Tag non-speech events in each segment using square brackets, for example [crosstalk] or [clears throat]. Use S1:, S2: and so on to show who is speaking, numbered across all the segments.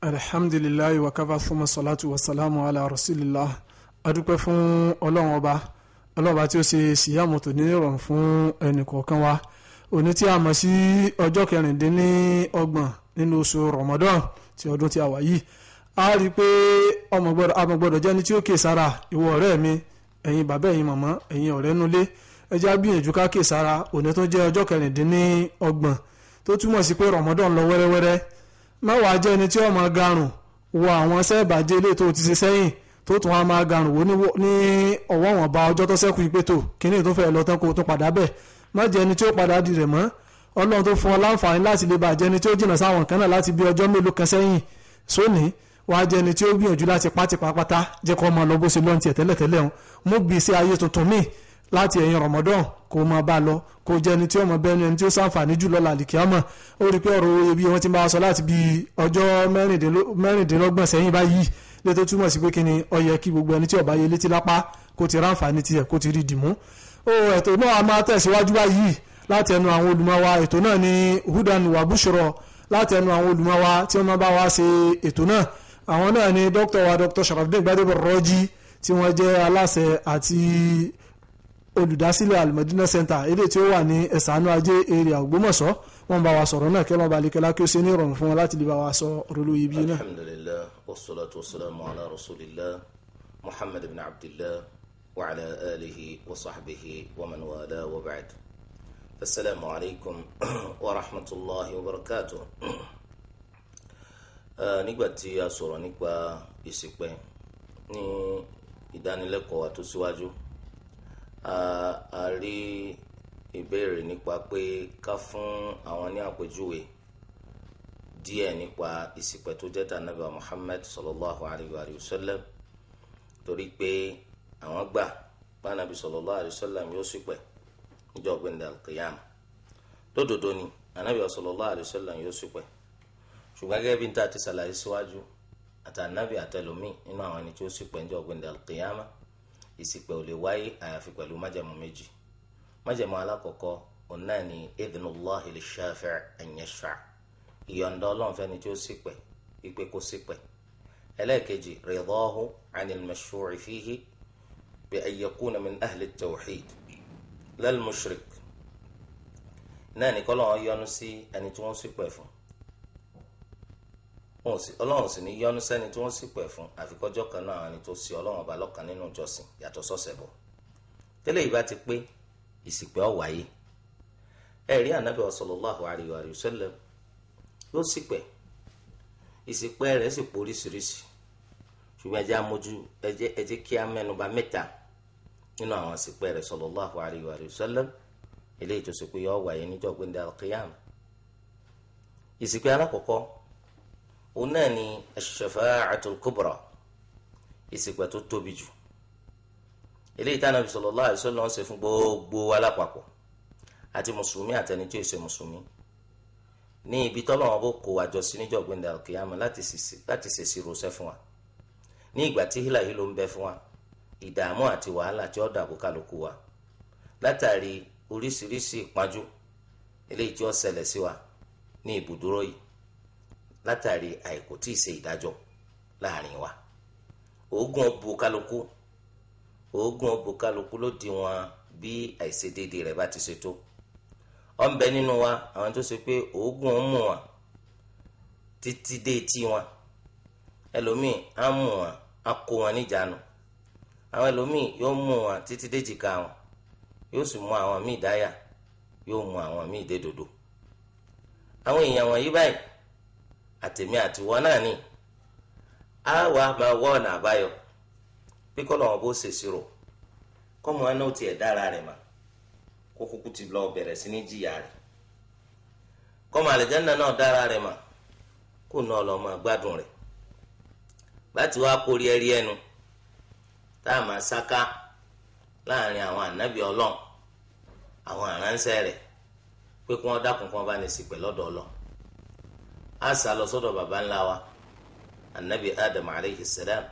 S1: alhamdulilayi wa kafa fuma salatu wa salamu ala rasulillah adúpẹ́ fún ọlọ́run ọba ọlọ́run ọba tí ó ṣe síyàmù tó ní ìrọ̀rùn fún ẹnìkọ̀ọ̀kan wa òní tí a mọ̀ sí ọjọ́ kẹrìndínlọ́gbọ̀n nínú oṣù ramadan ti ọdún tí a wà yìí a rí i pé ọmọ gbọ́dọ̀ àmọ́ gbọ́dọ̀ jẹ́ ní tí ó kè sára ìwọ ọ̀rẹ́ mi ẹ̀yin bàbá ẹ̀yin màmá ẹ̀yin ọ̀rẹ́ nulẹ̀ ẹ jẹ́ á gbìyànjú ká kè sára òní tó jẹ́ ọjọ́ kẹrìndínlọ́gbọ̀n tó túmọ̀ sí pé ramadan lọ wẹ́rẹ́wẹ́rẹ́ má wàá jẹ́ ẹni tí ó máa garùn wo àwọn sẹ́ẹ̀bàjẹ́ ilé tó ti ṣe sẹ́yìn tó tún wá máa garùn wo ní ọ̀wọ́ wọn ba ọjọ́ tó sẹ́kù ìpè tó kíní tó fẹ́ lọ tán kó tó padà bẹ̀ má jẹ́ ẹni tí ó padà di rẹ̀ mọ́ ọlọ́run tó fún ọ láǹfààní láti lè bàjẹ́ ẹni tí ó jìnnà sáwọn kan náà láti bí ọjọ́ mélòó kan sẹ́yìn sóní wàá jẹ́ ẹni tí ó gbìyànjú láti pátìpá pátá jẹ́ kó máa lọ bó ṣe lọ́ntì ẹ̀ tẹ́lẹ̀tẹ́lẹ̀ ń mú gbèsè ayé tuntun míì láti ẹ̀yìn rọ̀mọ́dọ́n kó máa bá lọ kó jẹ́ ẹni tí ó mọ bẹ́ẹ̀ ẹni tí ó sàǹfààní jù lọ́la àlìkíyàmọ̀ ó rí i pé ọ̀rọ̀ oyè bí wọ́n ti bá a sọ láti bí ọjọ́ mẹ́rìndínlọ́gbọ̀n sẹ́yìn báyìí lè tó túmọ̀ sí pé kí ni ó yẹ kí gbogbo ẹni tí ó bá yẹ létí lápá kó ti ráǹfààní tiẹ̀ kó ti rí dìmú. ó ètò náà a máa tẹ̀síwájú báyìí láti ẹnu àwọn olùmọ̀ ètò náà ni hudan wa bushro láti ẹnu àwọn olùmọ̀ wa tí wọ́n máa bá wa olùdásílẹ̀ almadina center èdè tí ó wà ní ẹ̀sánú ajé area ògbómọ̀ṣọ́ wọ́n bá wa sọ̀rọ̀ náà kí wọ́n bá lè kẹ́lá kí ó ṣe ní ìrọ̀rùn fún wọn láti lè bá wa sọ rolo yìí bí náà.
S2: alhamdulilah wasalaatu wasalaamu ala rasulillah muhammad ibn abdillah wa ala alihi wa sahbihi wa man wala wa ba'd asalaamu alaykum [clears throat] wa rahmatulahi wa barakatu. [clears throat] Ah, nígbà tí a sọ̀rọ̀ nípa ìsìnkú ní ìdánilẹ́kọ̀ọ́ wa a rí ìbéèrè nípa pé ká fún àwọn ní àpèjúwe díẹ̀ nípa ìṣìpẹ̀ tó jẹ́ tànàbà Muhammad sallallahu alayhi wa sallam torí pé àwọn gbà pànàbí sallallahu alayhi wa sallam yóò ṣìpẹ̀ níjọ́ gbẹ̀ndẹ̀ alqiyam lódodo ni anabi sallallahu alayhi wa sallam yóò ṣìpẹ̀ ṣùgbọ́n gẹ́gẹ́ bí n ta ti ṣàlàyé síwájú àtànàbì àtẹlómi nínú àwọn ẹni tí ó ṣìpẹ̀ níjọ́ gbẹ̀ndẹ̀ alqiyama ìsìpẹ̀ ò lè wáyé àyàfi pẹ̀lú májẹ̀mú méjì májẹ̀mú alákọ̀ọ́kọ́ òun náà ni idhnullahi lishafi' an yashfa' ìyọ̀ǹda ọlọ́run fẹ́ni tí ó sìpẹ̀ ipe kó sìpẹ̀ ẹlẹ́ẹ̀kejì ridahu 'anil mashfu'i fihi bi an yakuna min ahli at-tawhid lal mushrik náà ni kọ́lọ́run yọ́nú sí ẹni tí wọ́n sìpẹ̀ fún ọlọ́run sì ni yọ́nú sẹ́ni tí wọ́n sì pẹ̀ fún àfikọ́jọ́ kan náà ni tó sí ọlọ́run ọba lọ́kan nínú ìjọsìn yàtọ̀ sọ́sẹ̀ bọ̀ tẹ́lẹ̀ ìbá ti pé ìsìpẹ́ ó wáyé ẹ̀rí ànábì sallallahu alayhi wa sallam yóò ṣìpẹ̀ ìsìpẹ́ rẹ̀ sì poríṣiríṣi ṣùgbọ́n ẹjẹ́ amójú ẹjẹ́ kí a mẹ́nuba mẹ́ta nínú àwọn ìsìpẹ́ rẹ̀ sallallahu alayhi wa sallam eléyìí tó ṣe pé yọ wáyé níjọ́ gbẹ̀ndẹ̀ al-qiyam ìsìpẹ́ òun náà ni kubra ìsìgbà tó tóbi jù eléyìí táwọn Ànábì sallallahu alaihi fún gbogbo wa ati àti mùsùlùmí àtẹni tí ṣe mùsùlùmí ní ibi tọ́lọ̀ wọn bó kó àjọ sí fún wa ní ìgbà tí hílàhí ló ń bẹ fún wa ìdààmú àti wàhálà tí ó dàbò kálukú wa látàrí oríṣiríṣi ìpájú eléyìí látàrí àìkò tí ì ṣe ìdájọ́ láàrin wa oògùn ọbù kálukú oògùn ọbù kálukú ló di wọn bí àìṣedéédé rẹ̀ bá ti ṣe tó ọ ń bẹ nínú wa àwọn tó ṣe pé oògùn ń mú wọn títí dé etí wọn ẹlòmíì á mú wọn á kó wọn níjànú àwọn ẹlòmíì yóò mú wọn títí dé jìkà wọn yóò sì mú àwọn míì dáyà yóò mú àwọn míì dé dòdò àwọn èèyàn wọ̀nyí báyìí àtẹ̀mí àtiwọ́ náà ni a wà máa wọ́ ọ̀nà àbáyọ pé kọ́ lọ́wọ́ bó ṣèṣirò kọ́mọ aná ó tiẹ̀ dára rẹ̀ mà kó kúkú ti lọ bẹ̀rẹ̀ sí ní jìyà rẹ̀ kọ́mọ àlìjẹ́nà náà dára rẹ̀ mà kó nà ọ́ lọ́ máa gbádùn rẹ̀ bàtí wàá kórí ẹrí ẹnu tá a máa sáká láàrin àwọn ànábì ọlọ́run àwọn àránṣẹ́ rẹ̀ pé kí wọ́n dákun kí wọ́n bá ní sí pẹ̀ lọ́dọ̀ á sá lọ sọ́dọ̀ baba ńlá wa anabi adam aleyhi salam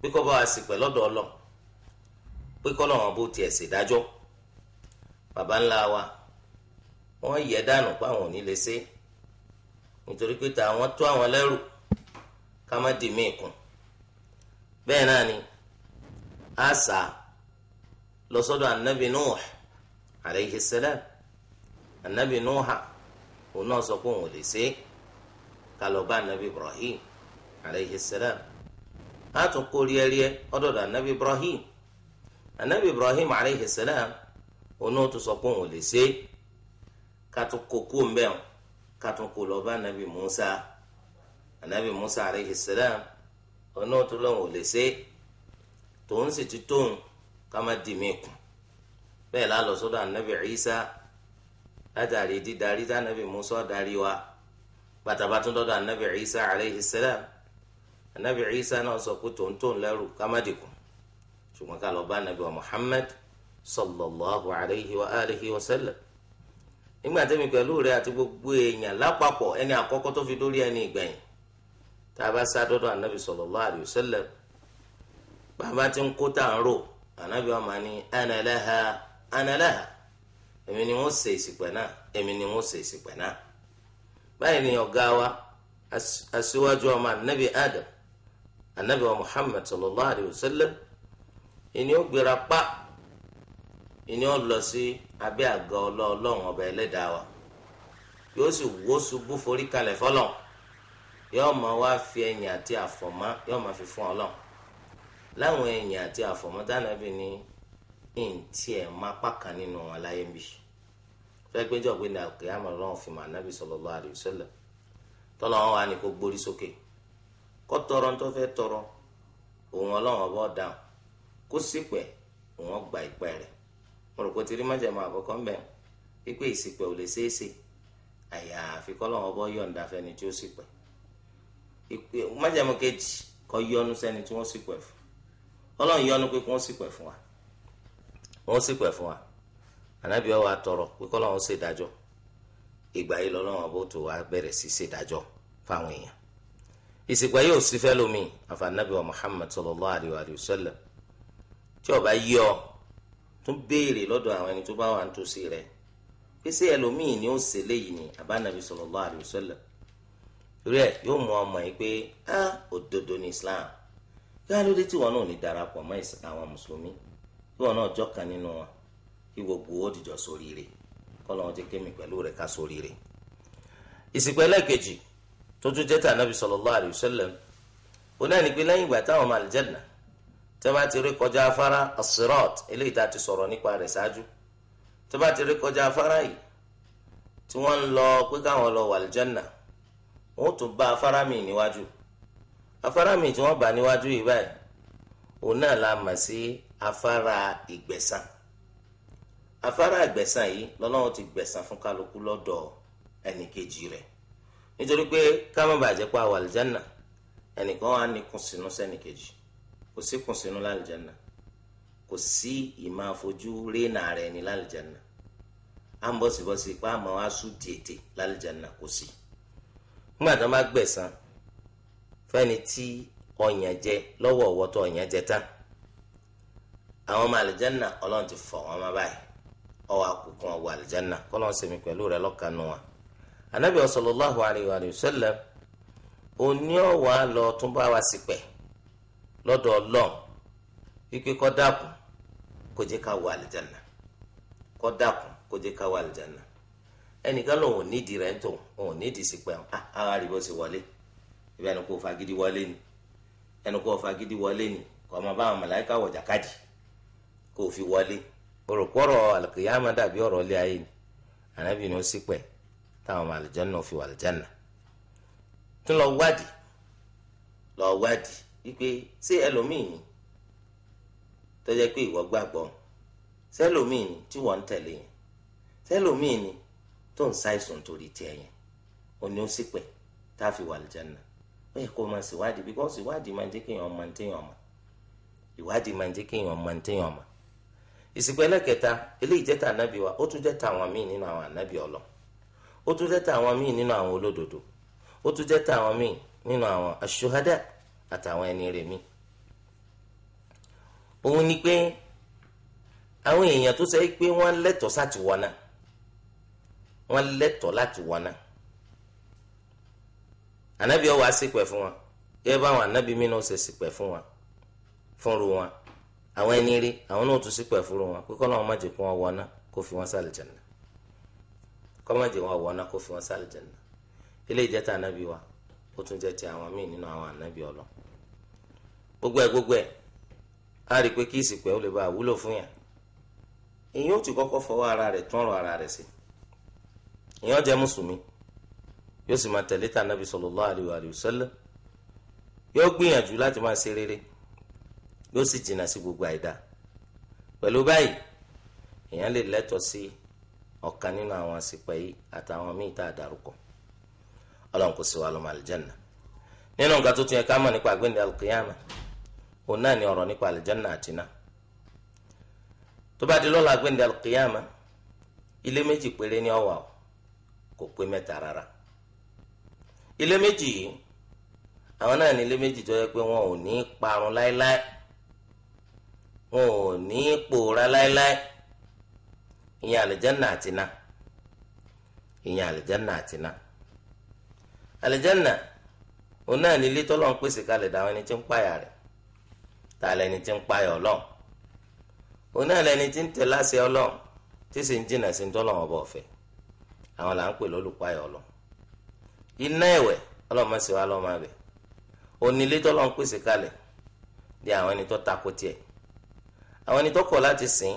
S2: pé kọ́ bá wa sì pẹ̀ lọ́dọ̀ ọlọ́ pé kọ́ lọ́wọ́n bó tiẹ̀ sì dájọ́ baba ńlá wa wọ́n yẹ dànù pé àwọn lè ṣe nítorí pé tàwọn tó àwọn lẹ́rù ká má dì míì kù bẹ́ẹ̀ náà ni á sá lọ sọ́dọ̀ anabi nuh aleyhi salam anabi nuh òun náà sọ pé òun lè ṣe é kalọba anabi ibrahim aleyhi salam àtún kó ríẹríẹ ọdọdọ anabi ibrahim anabi ibrahim aleyhi salam onú tó sọ pé òun lè ṣe kátó kó kó mbẹ́wọ̀n kátó kó lọ́ba anabi musa anabi musa aleyhi salam onú tó lọ́wọ́ ò lè ṣe tòun sì ti tóun ká má di mí kù bẹ́ẹ̀ lálọ́ sọ́dọ̀ anabi isa látàrí dídarí tánàbì musa darí wa gbàtàbà tó dọ́dọ̀ anabi isa aleyhi salam anabi isa náà sọ pé tòǹtòǹ lẹ́rù kámádìkù ṣùgbọ́n ká lọ bá anabi wa muhammad sallallahu alayhi wa alihi wa sallam nígbà tẹ́mi pẹ̀lú rẹ àti gbogbo èèyàn lápapọ̀ ẹni àkọ́kọ́ tó fi dórí ẹni ìgbẹ̀yìn tá a bá sá dọ́dọ̀ anabi sallallahu alayhi wa sallam bàbá tí ń kó tá à anabi wa máa ní ana èmi ni wọ́n ṣe ìsìpẹ̀ náà èmi ni wọ́n ṣe ìsìpẹ̀ náà. báyìí ni ọ̀gá wa aṣíwájú ọmọ anabi adam anabi wa muhammad sallallahu alayhi wa sallam ìní ó gbéra pa ìní ó lọ sí abẹ́ àga ọlọ́ọ̀lọ́run ọba ẹlẹ́dàá wa yóò sì wó ṣubú forí kalẹ̀ yóò máa wá fi ẹ̀yìn àti àfọ̀mọ́ yóò máa fi fún ọlọ́run láwọn ẹ̀yìn àti àfọ̀mọ́ dáná tẹ́gbẹ́jọ́ gbé ní àkèyàmọ̀ lọ́wọ́ fi mọ anábì sallallahu alaihi wasallam tọ́lọ́ wọn wà ní kó gbórí sókè kó tọrọ tó fẹ́ tọrọ òun ọlọ́wọ́n bọ́ dáhùn kó sípẹ̀ òun gba ìpẹ́ rẹ̀ mo rò pé tí rí májàmọ́ ń bẹ̀ pípé ìsìpẹ̀ ò lè ṣeéṣe àyàfi kọ́lọ́wọ́n bọ́ yọ̀ǹda fẹ́ni tí ó sípẹ̀ májàmọ́ kejì kọ́ yọnu sẹ́ni tí wọ́n sípẹ̀ fún ọlọ́run yọnu pé kí wọ́n sípẹ̀ fún wa wọ́n sípẹ̀ fún wa anabi ọwọ atọrọ pé kọ́ lọ́wọ́ ṣèdájọ́ ìgbà yìí lọ́wọ́ bó tó wá bẹ̀rẹ̀ sí ṣèdájọ́ fáwọn èèyàn ìsìgbà yóò sí fẹ́ lómi àfànàbí wa Muhammad sallallahu alayhi wa sallam tí ó bá yí ọ tún béèrè lọ́dọ̀ àwọn ẹni tó bá wà nítòsí rẹ pé ṣé ni ó ṣe léyìí ni àbánabi sallallahu alayhi wa sallam torí ẹ yóò mú ọmọ yìí pé á òdodo ní Islam kí wọn ló dé tí wọn náà ní darapọ̀ mọ́ àwọn mùsùlùmí tí wọn náà jọ́ kan nínú wọn kí gbogbo owó dìjọ sóríire kọ́lọ́run ti kémi pẹ̀lú rẹ̀ ká sóríire. ìsìnkú ẹlẹ́ẹ̀kejì tó tún jẹ́ tànàbí sallallahu alaihi wasallam oní ànígbé lẹ́yìn ìgbà táwọn ọmọ àlìjẹ́nà tẹ́ bá ti rí kọjá afárá as-sirat eléyìí tá a ti sọ̀rọ̀ nípa rẹ̀ ṣáájú tẹ́ bá ti rí kọjá afárá yìí tí wọ́n ń lọ pé káwọn lọ wà àlìjẹ́nà wọ́n tún bá afárá míì níwájú afárá míì tí wọ́n bá níwájú yìí báyìí òun náà la mọ̀ sí afárá ìgbẹ̀san afárá ìgbẹ̀san yìí lọ́lọ́run ti gbẹ̀san fún kálukú lọ́dọ̀ ẹnìkejì rẹ̀ nítorí pé ká má bàa jẹ́ pé àwọn àlìjánà ẹnìkan wà ní kùnsínú sẹ́nìkejì kò sí kùnsínú lálìjánà kò sí ìmọ̀ àfojú rénà rẹ̀ ní lálìjánà à ń bọ̀sibọ̀si ipá àmọ́ wá sùn tètè lálìjánà kò sí. nígbà tó bá gbẹ̀san fẹ́ni tí ọ̀yàn jẹ lọ́wọ́ ọ̀wọ́ tó ọ̀yàn jẹ tán àwọn ọmọ àlìjánà ọlọ́run ti fọ̀ wọ́n má báyìí ọwọ akunkun ọwọ alijanna kọlọ ń sèmi pẹ̀lú rẹ̀ lọkànnù wa anabi sallallahu alayhi wa sallam òní ọwọ àlọ tún bá wa sí pẹ lọ́dọ̀ Ọlọ́run wípé kó dákun kó jẹ́ ká wọ alijanna kó dákun kó jẹ́ ká wọ alijanna ẹnìkan lòun ò nídìí rẹ̀ ń tò nídìí sí pẹ àwọn ah, àríwọ sí wọlé ibi ẹnu kó fagidi wọlé ni ẹnu kó fagidi wọlé ni kó ọmọ bá àwọn màláíkà wọ jàkadì kó fi wọlé òròpọ̀rọ̀ àlùkìyàmá dàbí ọ̀rọ̀ ilé ayé ni ànábì ni ó sì pẹ̀ táwọn ọmọ àlùjànnà fi wà àlùjànnà tún lọ wádìí lọ wádìí wípé ṣé ẹlòmíì tó jẹ́ pé ìwọ gbàgbọ́ sẹ́lòmíì ni tí wọ́n ń tẹ̀lé yẹn sẹ́lòmíì ni tó ń ṣàìsùn torí tiẹ̀ yẹn ó ní ó sì pẹ̀ tá a fi wà àlùjànnà ó yẹ kó o máa ṣèwádìí bíkọ́sì ìwádìí máa ń jẹ́ kéèyàn máa ń téèyàn mọ̀ ìwádìí máa ń jẹ́ kéèyàn máa ń téèyàn mọ̀ ìsìnkú ẹlẹ́kẹta eléyìí jẹ́ tà ànábì wa ó tún jẹ́ tà àwọn míì nínú àwọn ànábì ọlọ ó tún jẹ́ àwọn míì nínú àwọn olódodo ó tún jẹ́ àwọn míì nínú àwọn àtàwọn ẹni rẹ̀ òun ni pé àwọn èèyàn tó sẹ́ pé wọ́n lẹ́tọ̀ọ́ sáti wọná wọ́n lẹ́tọ̀ọ́ láti wọná ànábì ọwọ́ àsìpẹ̀ fún wọn yẹ báwọn ànábì mí náà ṣe fún wọn fúnru wọn. àwọn ẹni rí àwọn náà tún sí pẹ̀fúrú wọn pé kọ́ náà má jẹ́ kó wọn kó fi wọn sálẹ̀ jẹ̀nà kọ́ má jẹ́ wọn kó fi wọn sálẹ̀ jẹ̀nà ilé ìjẹta anabi wa ó tún jẹ́ ti àwọn míì nínú àwọn ọlọ gbogbo ẹ gbogbo ẹ á rí i pé kí ìsìnkú ẹ ó lè bá àwúlò fún yàn èyí ó ti kọ́kọ́ fọwọ́ ara rẹ̀ tún ọ̀rọ̀ ara rẹ̀ sí èyí ó jẹ́ mùsùlùmí yóò sì máa tẹ̀lé yóò sì jìnnà sí gbogbo àìdá pẹ̀lú báyìí èèyàn lè lẹ́tọ̀ọ́ sí ọ̀kan nínú àwọn àsìpẹ́ yìí àtàwọn míì tá a dárúkọ ọlọ́run kò sí wa lọ́mọ nga nínú nǹkan tó tún yẹ ká mọ̀ nípa òun náà ni ọ̀rọ̀ nípa àlìjánà àtìná tó bá di lọ́la ilé méjì péré ní ọ̀wà kò pé mẹ́ta rárá ilé méjì yìí àwọn náà ní ilé méjì ò ní pòórá láéláé ìyẹn àlìjánà àtiná ìyẹn àlìjánà àtiná àlìjánà òun náà ní ilé tọ́lọ́ ń pèsè kalẹ̀ dáwọn ẹni tí ń pààyà rẹ̀ ta lẹni tí ń pààyà ọlọ́run òun náà lẹni tí ń tẹ̀ láṣẹ ọlọ́run tí sì ń jìnà sí ń tọ́lọ̀ ọ̀fẹ́ àwọn là ń pè lólùpààyà ọlọ́run iná ẹ̀wẹ̀ ọlọ́mọ sí wa lọ́mọ abẹ onílé tọ́lọ́ ń pèsè kalẹ̀ di àwọn ẹni tó takò tiẹ̀ àwọn ẹni tó kọ̀ láti sìn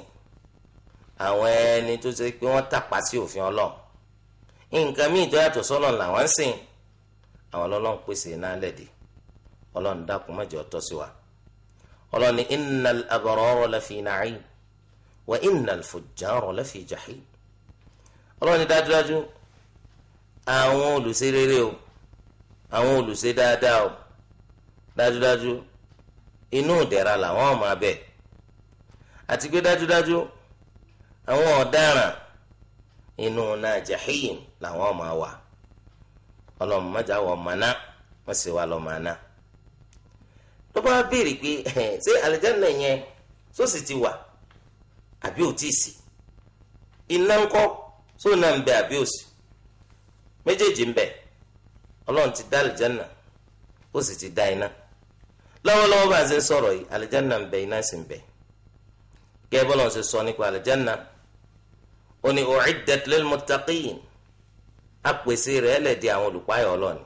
S2: àwọn ẹni tó ṣe pé wọ́n tàpá sí òfin ọlọ́run nǹkan míì tó yàtọ̀ sọ́lọ̀ làwọn ń sìn àwọn ọlọ́run pèsè náà lẹ́dí ọlọ́run dákun má jẹ́ ó tọ́ sí wa ọlọ́run ní innal abrara lafi na'im wa innal fujjara lafi jahim ọlọ́run ní dájúdájú àwọn olùṣe rere o àwọn olùṣe dáadáa o dájúdájú inú ìdẹ̀ra làwọn ọmọ abẹ́ẹ̀ àti pé dájúdájú àwọn ọ̀daràn inú náà làwọn wà ọlọ́run mọ́jà wọ̀ mọ́ná wọ́n sì wà lọ́ mọ́ná tó bá béèrè pé ṣé àlìjáná yẹn só sì ti wà àbí ò tíì sí iná ńkọ́ só náà ń bẹ àbí ò sí méjèèjì ń bẹ ti dá ó sì ti dá iná lọ́wọ́lọ́wọ́ gẹ́gẹ́ bọ́lá ọ̀sẹ̀ sọ nípa àlùjánnà ó ní u'iddat lil muttaqin apèsè rẹ̀ ẹlẹ́dì àwọn olùpáyọ̀ ọlọ́ni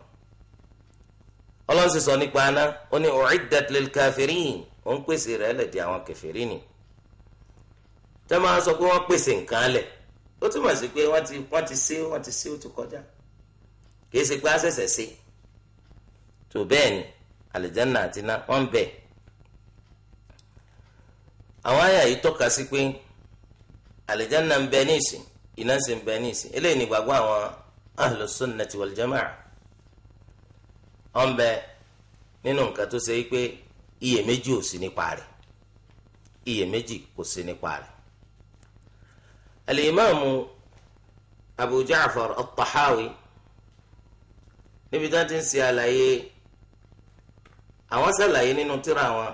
S2: ọlọ́sẹ̀ sọ nípa aná ó ní u'iddat lil kafirin ó ń pèsè rẹ̀ ẹlẹ́dì àwọn kẹfìrín ni tẹ́ máa sọ pé wọ́n pèsè nǹkan lẹ̀ ó túmọ̀ sí pé wọ́n ti wọ́n ti ṣe wọ́n ti ṣe ó ti kọjá kì í ṣe pé á ṣẹ̀ṣẹ̀ ṣe tó bẹ́ẹ̀ ni àlùjánnà àti iná wọ́n ń àwọn àyà yìí tọ́ka sí pé àlìjáná ń bẹ ní ìsìn iná sì ń bẹ ní ìsìn eléyìí ni gbàgbọ́ àwọn ahlu sunnati wal jamaa ọ̀n bẹ nínú nǹkan tó ṣe pé iyèméjì ò sí nípa rẹ̀ iyèméjì kò sí nípa rẹ̀ al-imamu abu ja'far níbi tí wọ́n ti ń ṣe àlàyé àwọn ṣàlàyé nínú tírà wọn.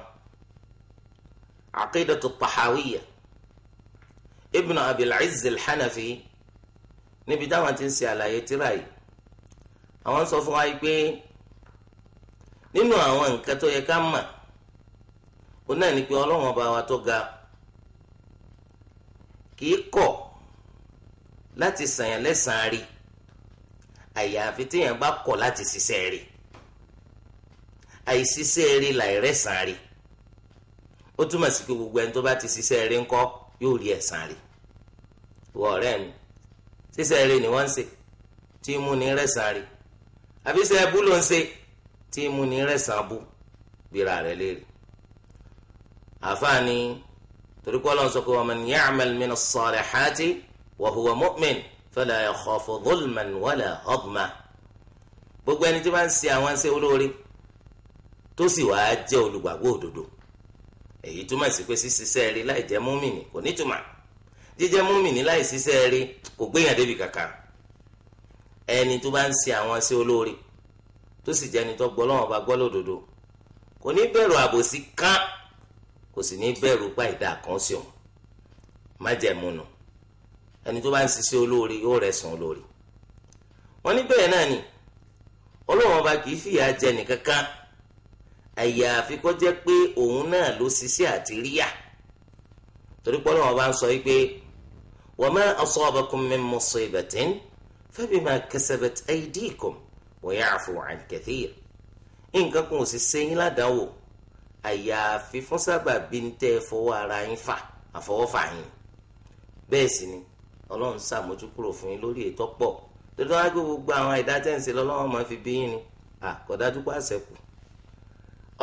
S2: عقيدة الطحاوية ابن أبي العز الحنفي níbi táwọn ti ń ṣe àlàyé tírà yìí àwọn sọ fún wa pé nínú àwọn nǹkan tó yẹ ká mà ó náà ní pé ọlọ́wọ́n bá wa tó ga kìí kọ̀ láti sàyàn lẹ́sàn-án rí àyàfi téèyàn bá kọ̀ láti ṣiṣẹ́ rí àìṣiṣẹ́ rí làìrẹ́sàn-án rí ó túmọ̀ sí pé gbogbo ẹni tó bá ti ṣiṣẹ́ eré ńkọ́ yóò rí ẹ̀san rẹ̀ wọ ọ̀rẹ́ mi ṣiṣẹ́ eré ni wọ́n ń ṣe tí mú ní rẹ̀san rẹ̀ àbí ṣe ẹbú ló ń ṣe tí mú ní rẹ̀san bú gbéra rẹ̀ léèrè àfààní torí kọ́ lọ́n sọ pé wa man ya'mal mina s-salihati wa huwa mu'min fala yakhafu dhulman wala gbogbo ẹni tí wọ́n ń ṣe àwọn ṣe olóore tó sì wàá jẹ́ olùgbàgbọ́ òdodo èyí túmọ̀ sí pé ṣíṣiṣẹ́ rí láì jẹ́ múmìnì kò nítumọ̀ jíjẹ́ múmìnì láì ṣiṣẹ́ rí kò gbéyàn débi kàkà ẹni tó bá ń ṣe àwọn sí olóore tó sì jẹ́ni tó gbọ́ lọ́wọ́ bá gbọ́ lódodo kò ní bẹ̀rù àbòsí kán kò sì ní bẹ̀rù pa ìdá kan sí òun májẹ̀múnu ẹni tó bá ń ṣiṣẹ́ olóore yóò rẹ̀sùn olóore wọ́n ní bẹ́ẹ̀ náà ni Ọlọ́run ọba kì í fìyà jẹ nìkankan àyàfi kó jẹ́ pé òun náà ló ṣiṣẹ́ àti ríyà torí pé Ọlọ́run bá ń sọ yìí pé wa ma asabakum min musibatin fabima kasabat aydikum wa ya'fu an kathir nǹkan kan ò sì sẹ́yìn ládàáwò àyàfi fún sábàbí ń tẹ́ fọwọ́ ara yín fà àfọwọ́fà yín bẹ́ẹ̀ sì ni ọlọ́run ṣàmójú kúrò fún yín lórí ètò pọ̀ tó dájú gbogbo àwọn ìdájẹ́nsẹ̀ lọ́lọ́wọ́ máa fi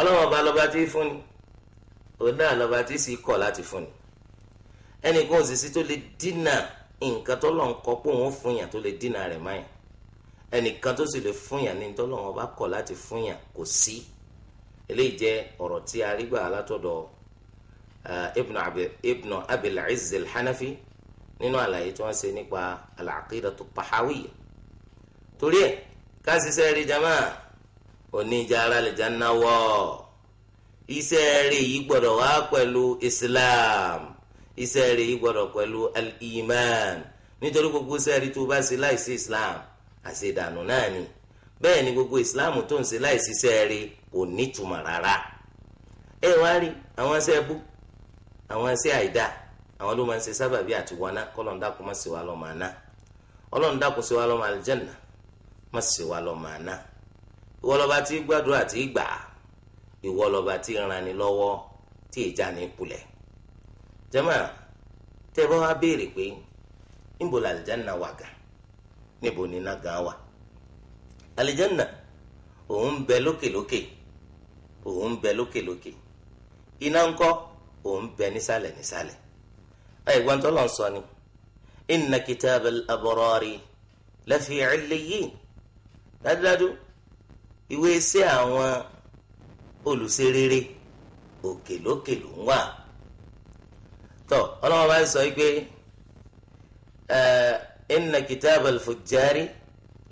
S1: ọlọ́wọ́n ọba lọ́ba
S2: tí í fúnni òun náà lọ́ba tí sì kọ̀ láti fúnni ẹnìkan òṣìṣẹ́ tó lè dínà nǹkan tó lọ́n kọ́ pé òun fún yàn tó lè dínà rẹ̀ máyà ẹnìkan tó sì lè fún yàn ní tọ́lọ́wọ́n ọba kọ̀ láti fún yàn kò sí eléyìí jẹ́ ọ̀rọ̀ tí a rí gbà látọ̀dọ̀ eh, ibn abil izz hanafi nínú àlàyé tí wọ́n ṣe nípa al-aqidatu at torí ẹ̀ ká rí jamaa oníjàrá àlìjáná wọ̀ iṣẹ́ rẹ̀ yìí gbọ́dọ̀ wá pẹ̀lú islam iṣẹ́ rẹ̀ yìí gbọ́dọ̀ pẹ̀lú al-iman nítorí gbogbo iṣẹ́ rẹ̀ tó bá ṣe láìsí islam àṣedànù náà ni bẹ́ẹ̀ ni gbogbo islam tó ń ṣe láìsí iṣẹ́ rẹ̀ kò nítumọ̀ rárá ẹ wá rí àwọn iṣẹ́ bú àwọn iṣẹ́ àìdá àwọn ló máa ń ṣe sábàbí àti wọná kọ́lọ́n dákun ṣe wá lọ́ọ́ máa ná ọlọ́run dákun ṣe wá máa ṣe wá lọ́ọ́ máa ìwọlọba t'i tí gbàdúrà tí gbà ìwọ tí ranni lọwọ tí ìjà ní kulẹ̀ jẹ́mọ́ tẹ́ bá béèrè pé níbo la àlìjáná wà gà níbo wà àlìjáná òun bẹ lókèlókè òun bẹ lókèlókè iná nkọ, òun bẹ nísàlẹ̀ nísàlẹ̀ sọ ni dájúdájú ìwé iṣẹ́ àwọn olùṣe rere òkèlókè ló ń wà tọ ọlọ́wọ́ bá sọ pé inna kitabal fujjari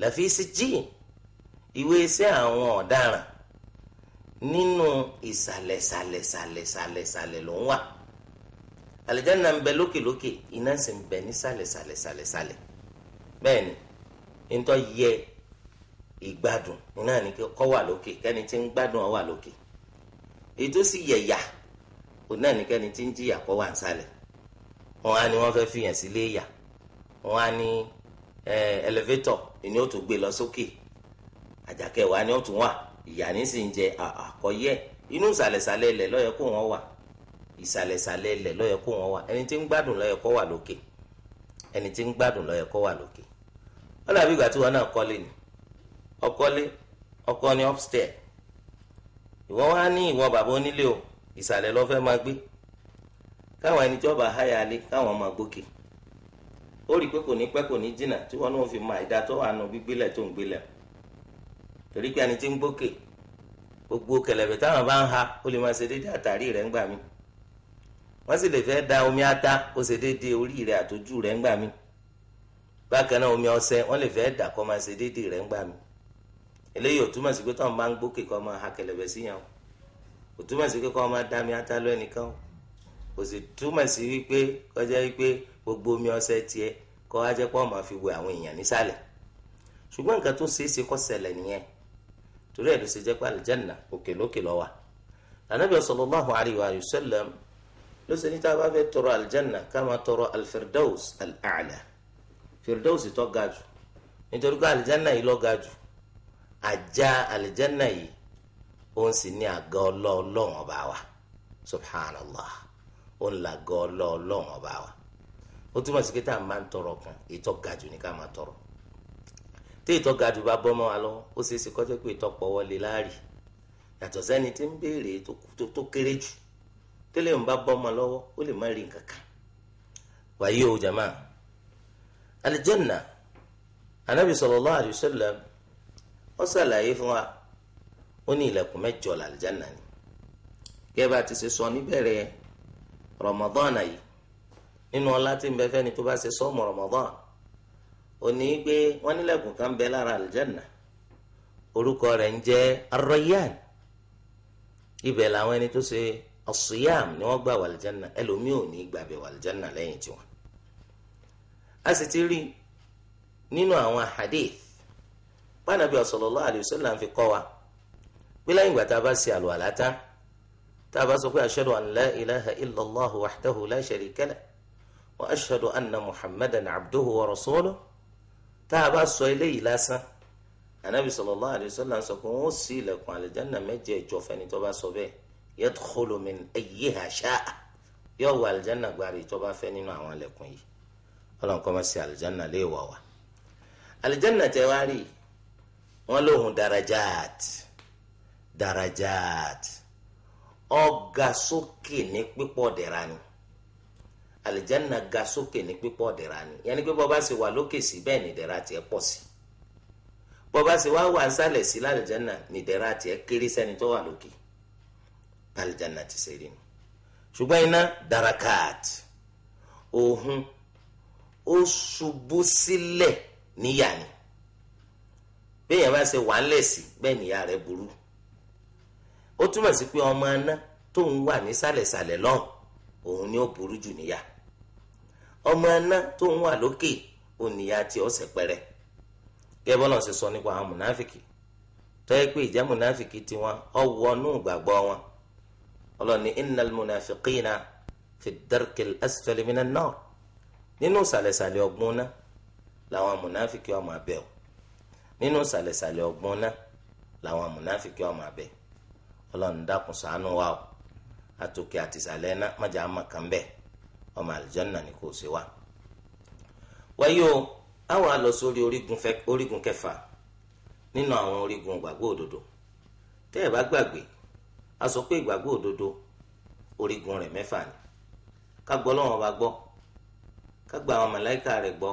S2: lafi sijjin ìwé iṣẹ́ àwọn ọ̀daràn nínú ìsàlẹ̀ sàlẹ̀ sàlẹ̀ sàlẹ̀ sàlẹ̀ ló ń wà àlìjáná ń bẹ lókèlókè iná sì ń bẹ ní sàlẹ̀ bẹ́ẹ̀ ni ntọ́ yẹ ìgbádùn náà ni kọ́ wà lókè kẹ́ni tí ń gbádùn ọ wà lókè èyí tó sì yẹ̀yà òun náà ni kẹ́ni tí ń jìyà kọ́ wà wọn á ní wọn fẹ́ fìyàn sílé yà wọn á ní ẹlẹ́fẹ́tọ̀ ó tún gbé lọ sókè wa ni ó tún wà ní sì ń jẹ inú ìsàlẹ̀sàlẹ̀ ilẹ̀ kó wọn wà ìsàlẹ̀sàlẹ̀ ilẹ̀ kó wọn wà ẹni tí ń gbádùn wà lókè ẹni tí ń gbádùn wà lókè ìgbà tí wọn náà ọkọlé ọkọ ni upstair ìwọ wá ní ìwọ bàbá onílé o ìsàlẹ̀ lọ́fẹ́ máa gbé káwọn ẹni tí háyà lé káwọn máa gbókè ó rí i kò ní pẹ́ kò ní jìnnà tí wọ́n náà fi máa ìdá tó wà nù gbígbélẹ̀ tó gbogbo táwọn bá ń lè máa ṣe déédéé àtàrí ńgbà mí sì lè da omi ata ó ṣe déédéé orí ńgbà mí bákan náà omi ọsẹ lè dà máa eléyìí ò túmọ̀ sí pé tọ́n bá ń gbókè kọ́ máa ha kẹlẹ̀bẹ̀ sí yàn o ò túmọ̀ sí pé kọ́ máa dá mi átálọ́ ẹnìkan o kò sì túmọ̀ sí wípé kọjá wípé gbogbo omi ọṣẹ tiẹ̀ kọ́ á jẹ́ pọ́ máa fi wẹ àwọn èèyàn nísàlẹ̀ ṣùgbọ́n nǹkan tó ṣeé ṣe kó ṣẹlẹ̀ nìyẹn torí ẹ̀ ló ṣe jẹ́ pé àlìjẹ́nà òkè lókè ló wà Ànábì sallallahu alayhi wa sallam ló àjà àlìjánà yìí òun sì ní àga ọlọ́ọ̀lọ́hún ọba wa subhanallah òun làga ọlọ́ọ̀lọ́hún ọba wa ó túmọ̀ sí pé tá a máa ń tọrọ kan ìtọ́ ká máa tọrọ tí ìtọ́ ga bá bọ́ mọ́ wa lọ́wọ́ ó ṣeé ṣe kọ́jọ́ pé ìtọ́ pọ̀ wọlé láàrì yàtọ̀ sẹ́ni tí ń béèrè tó kéré jù tẹ́lẹ̀ ń bá bọ́ mọ́ o jama alijanna ó ṣàlàyé fún wa ó ní ilẹ̀kùn mẹ́jọ làlìjánà ni gẹ́gẹ́ bá ti ṣe sọ níbẹ̀rẹ̀ Ramadan yìí nínú ọlá tí ń bẹ fẹ́ni tó bá ṣe sọ́ọ̀mù Ramadan ó ní pé wọ́n nílẹ̀kùn kan bẹ lára àlìjánà orúkọ rẹ̀ ń jẹ́ ar ibẹ̀ làwọn ẹni tó ṣe as ni wọ́n gbà wàlìjánà ẹlòmíì ò gbàbẹ̀ wàlìjánà lẹ́yìn tiwọn a sì ti rí nínú àwọn hadith bánabi sallallahu alayhi wa sallam fi kọ́ wa bí lẹ́yìn ìgbà tá a bá ṣe àlùwàlá tá tá a bá sọ pé ashhadu an la ilaha illallah wahdahu la sharika lah wa ashhadu anna muhammadan abduhu wa rasuluhu tá a bá sọ eléyìí lásán anabi sallallahu alayhi wa sọ pé wọn ó ilẹ̀kùn àlìjáná méje ìjọ fẹ́ni tó bá sọ bẹ́ẹ̀ yadkhulu tẹ wá rí yìí wọn lòun darajat darajat ọga sókè ní pípọ̀ dẹ̀ra ni alìjánná ga sókè ní pípọ̀ dẹ̀ra ni yẹn ni pé bọ́ bá ṣe wà lókè sí bẹ́ẹ̀ ni dẹ̀ra tiẹ̀ pọ̀ sí bọ́ bá wá wà sí ni dẹ̀ra tiẹ̀ kéré sẹ́ni tó wà ti ṣe rí ni béèyàn bá ṣe wà ń bẹ́ẹ̀ nìyá rẹ̀ burú ó túmọ̀ sí pé ọmọ aná tóun wà nísàlẹ̀sàlẹ̀ lọ́hùn òun ni ó burú jù níyà ọmọ aná tóun wà lókè òníyà tí ó ṣe pẹrẹ gẹ́gẹ́ bọ́lá ṣe sọ nípa àwọn mùnáfìkì tọ́yẹ pé ìjẹ́ mùnáfìkì ìgbàgbọ́ wọn ọlọ́ni innal munafiqina fi o nínú ìsàlẹ̀sàlẹ̀ ọgbọ́n náà làwọn amúnáfíkì ọmọ abẹ ọlọ́run dákun ṣàánú wa o àtòkè àtìsàlẹ̀ náà májà á mọ̀ kàn bẹ́ẹ̀ ọmọ àlùjànnà ni kò ṣe wa. wáyé o àwọn àlọ́ sórí orígun kẹfà nínú àwọn orígun ìgbàgbọ́ òdodo tẹ́ ẹ̀ bá gbàgbé a sọ pé ìgbàgbọ́ òdodo orígun rẹ̀ mẹ́fà ni ká gbọ́ Ọlọ́run bá gbọ́ ká gba àwọn màláíkà rẹ̀ gbọ́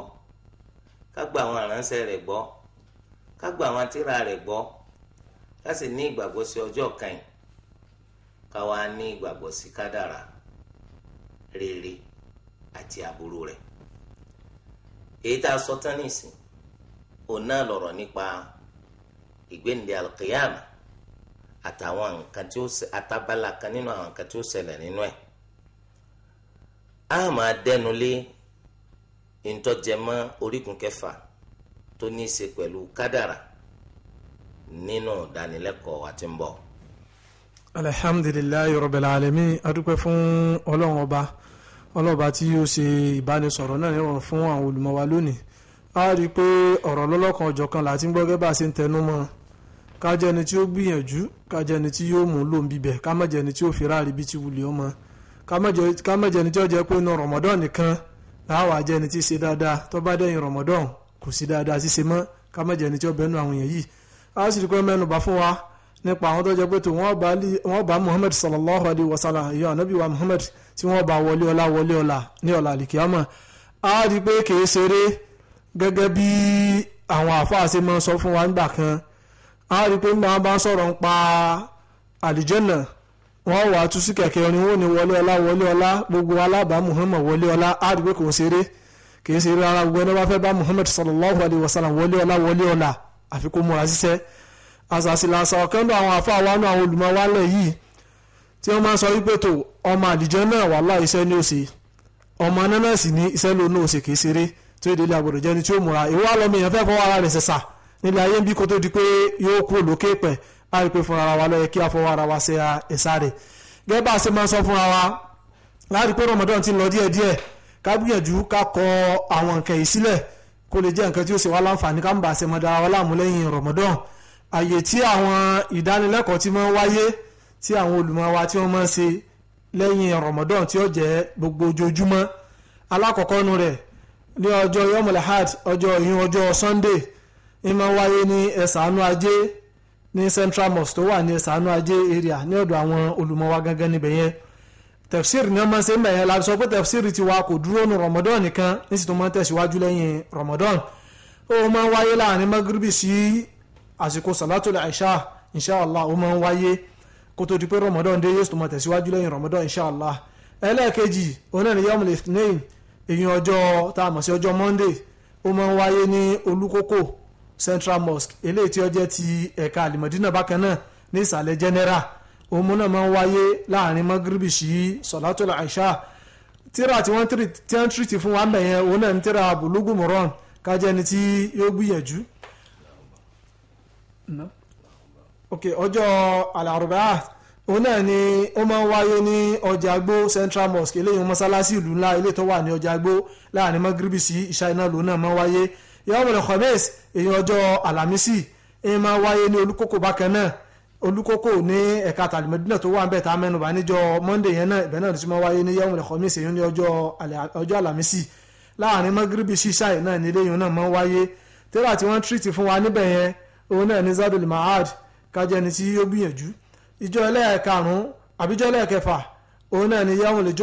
S2: ká gba àwọn àránṣẹ́ rẹ̀ gbọ́ ká gba àwọn tírà rẹ̀ gbọ́ ká sì ní ìgbàgbọ́ sí ọjọ́ kan ká wá ní ìgbàgbọ́ sí kádàrà rere àti aburú rẹ̀ èyí tá a sọ tán nìsín òun náà lọ̀rọ̀ nípa ìgbéǹde alqiyama àtàwọn nǹkan tí ó àtàbálà kan nínú àwọn nǹkan tí ó ṣẹlẹ̀ nínú ẹ̀ a máa dẹnu lé ntọ́jẹmọ́ orígun kẹfà tó ní í ṣe pẹ̀lú kádàrà nínú ìdánilẹ́kọ̀ọ́ àti ń bọ̀.
S1: alhamdulilayi rabbil alamin adúpẹ́ fún ọlọ́run ọba ọlọ́run ọba tí yóò ṣe ìbánisọ̀rọ̀ náà nírọ̀rùn fún àwọn olùmọ̀ wa lónìí a rí i pé ọ̀rọ̀ lọ́lọ́kan ọ̀jọ̀kan láti ń gbọ́ gẹ́gẹ́ bá a ṣe ń tẹnu mọ́ kájẹni tí ó gbìyànjú kájẹni tí yóò mú lóun bíbẹ̀ kámọ̀jẹni tí ó fi ráàrí bí ti wulẹ̀ ọmọ kámọ̀jẹni tí ó jẹ́ pé inú rọ̀mọ́dọ́n nìkan láwọn àjẹni tí ṣe dáadáa tó bá dẹ́yìn rọ̀mọ́dọ́n kò sí dáadáa ṣíṣe mọ́ ká má jẹ́ ẹni tí ó bẹ́nu àwọn èèyàn yìí a sì rí pé mẹ́nubà fún wa nípa àwọn tó jẹ́ pé tó wọ́n bá muhammed sallallahu alayhi wa sallam ìyá anabi wa muhammed tí wọ́n bá wọlé ọlá wọlé ọlá ní ọ̀la àlìkíyàmà a rí pé kìí ṣeré gẹ́gẹ́ bí àwọn àfáà ṣe máa sọ fún wa nígbà kan a rí pé nígbà wọn bá sọ̀rọ̀ ń pa àlìjẹ́nà wọ́n wà tú sí kẹ̀kẹ́ orin wọn ní wọlé ọlá wọlé ọlá gbogbo alábàá muhammed wọlé ọlá a rí pé kò ṣeré kì í ṣe eré ara gbogbo ẹni wá fẹ́ bá Muhammad sallallahu alayhi wa sallam wọlé ọlá wọlé ọlá àfi kó múra ṣiṣẹ́ àṣàṣìlà àṣàwọ̀ kan lọ àwọn àfa wa nù àwọn olùmọ̀ wa lẹ̀ yìí tí wọ́n máa ń sọ wípé tó ọmọ àdìjọ́ náà wà láì iṣẹ́ ní òsè ọmọ náà sì ní iṣẹ́ lónà òsè kì í ṣeré tí ó délé àgbọ̀dọ̀ jẹ́ni tí ó múra ìwọ àlọ́mọ èèyàn fẹ́ fọwọ́ ara rẹ̀ ṣẹ̀ṣà nílé ayé ń bí kó tó di pé yóò kú òlókè pẹ̀ á rí i pé fúnra wa lọ́yẹ kí a fọwọ́ a ṣe máa ń sọ fúnra ká gbìyànjú ká kọ àwọn nǹkan yìí sílẹ̀ kó lè jẹ́ nǹkan tí ó ṣe wá láǹfààní ká ń bà ṣe mọ́ dára wa láàmú lẹ́yìn Ramadan àyè tí àwọn ìdánilẹ́kọ̀ọ́ ti máa ń wáyé tí àwọn olùmọ̀ tí wọ́n máa ń ṣe lẹ́yìn Ramadan tí ó jẹ́ gbogbo ojoojúmọ́ alákọ̀ọ́kọ́ nu rẹ̀ ní ọjọ́ yomul had ọjọ́ ìyún ọjọ́ Sunday ní máa ń wáyé ní ẹ̀sánú ajé ní Central Mosque tó wà ní ẹ̀sánú ajé area ní ọ̀dọ̀ àwọn olùmọ̀ wa níbẹ̀ yẹn tafsir ni wọ́n máa ń ṣe ń bẹ̀yẹn la sọ pé tafsir ti wa kò dúró nu ramadan nìkan níṣì tó máa ń tẹ̀síwájú lẹ́yìn ramadan ó máa ń wáyé láàrin magribi sí àsìkò salatul aisha inshallah ó máa ń wáyé kó tó di pé ramadan dé yóò tó máa tẹ̀síwájú lẹ́yìn ramadan inshaAllah. ẹlẹ́ẹ̀kejì òun náà ni yom lithnain ìyẹn ọjọ́ tá a mọ̀ sí ọjọ́ monday ó máa ń wáyé ní olúkókò central mosque eléyìí tí ó jẹ́ ti ẹ̀ka alimadina bákan náà ní ìsàlẹ̀ general òun náà máa ń wáyé láàrin mọ́gíríbì sí sọ̀látọ́lá àìṣá tíra tí wọ́n tí wọ́n tìrìtì fún wa mẹ́yẹn òun náà ń tíra bùlùgùn mọ́rán kájẹ́ ni tí yóò gbìyànjú. ok ọjọ́ alárùbá òun náà ni ó máa ń wáyé ní ọjà àgbó central mosque eléyìí mọ́sálásí ìlú ńlá eléyìí tó wà ní ọjà àgbó láàrin mọ́gíríbì sí ìṣá iná lòun náà máa ń wáyé yọ̀ọ́ mọ̀lẹ́kọ̀mẹ́sì èyí ọjọ́ àlàmísì olùkókò ní ẹ̀ka tàlùmẹ́dúnà tó wà ń bẹ̀ tá a mẹ́nubà níjọ monday yẹn náà ibẹ̀ náà ló ti máa wáyé ní yẹ́wùn ẹ̀kọ́ mísè yẹn ní ọjọ́ àlàmísì láàrin mọ́gíríbì ṣíṣàì náà nílé yẹn náà máa wáyé tẹ́lá tí wọ́n tírìtì fún wa níbẹ̀ yẹn òun náà ní zadul mahad kájọ ẹni tí yóò gbìyànjú ìjọ ẹlẹ́ẹ̀karùn-ún àbíjọ ẹlẹ́ẹ̀kẹfà òun náà ní yẹ́wùn lè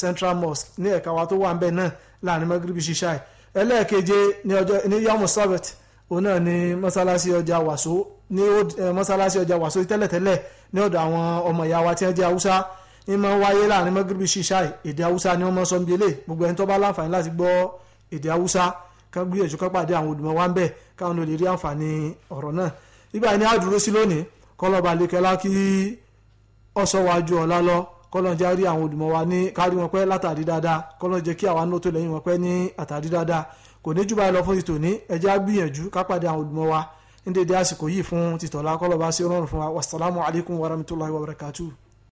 S1: central mosque ní ẹ̀ka wa tó wà ń bẹ̀ náà láàrin mọ́gíríbì ṣíṣàì ẹlẹ́ẹ̀keje òun náà ni mọ́sálásí ọjà wàsó ní eh, mọ́sálásí ọjà wàsó tẹ́lẹ̀tẹ́lẹ̀ ní ọ̀dọ̀ àwọn ọmọ ìyá wa tí wọ́n jẹ́ haúsá ní máa ń wáyé láàrin mọ́gìrìbì ṣíṣáì èdè haúsá ni wọ́n mọ́ sọ níbi eléyìí gbogbo ẹni tó bá láǹfààní láti gbọ́ èdè haúsá kan gbìyànjú kan pàdé àwọn olùmọ̀ wa ń bẹ̀ káwọn olè rí àǹfààní ọ̀rọ̀ náà ibà ni a dúró sí lónìí kọlọba àlekẹlá kí ọsọwájú ọ̀la lọ kọlọ́njẹ́ àrí àwọn olùmọ̀ wa ní kárí wọn pẹ́ látàrí dáadáa kọlọ́njẹ́ kí àwa náà tó lẹ́yìn wọn pẹ́ ní àtàrí dáadáa kò ní jù báyìí lọ fún títò ní ẹjẹ́ á gbìyànjú ká pàdé àwọn olùmọ̀ wa ní dédé àsìkò yìí fún títọ̀ lákọ́lọ́ bá sí rọrùn fún wa wasalaamu alaykum wa rahmatulahi wa barakatuh.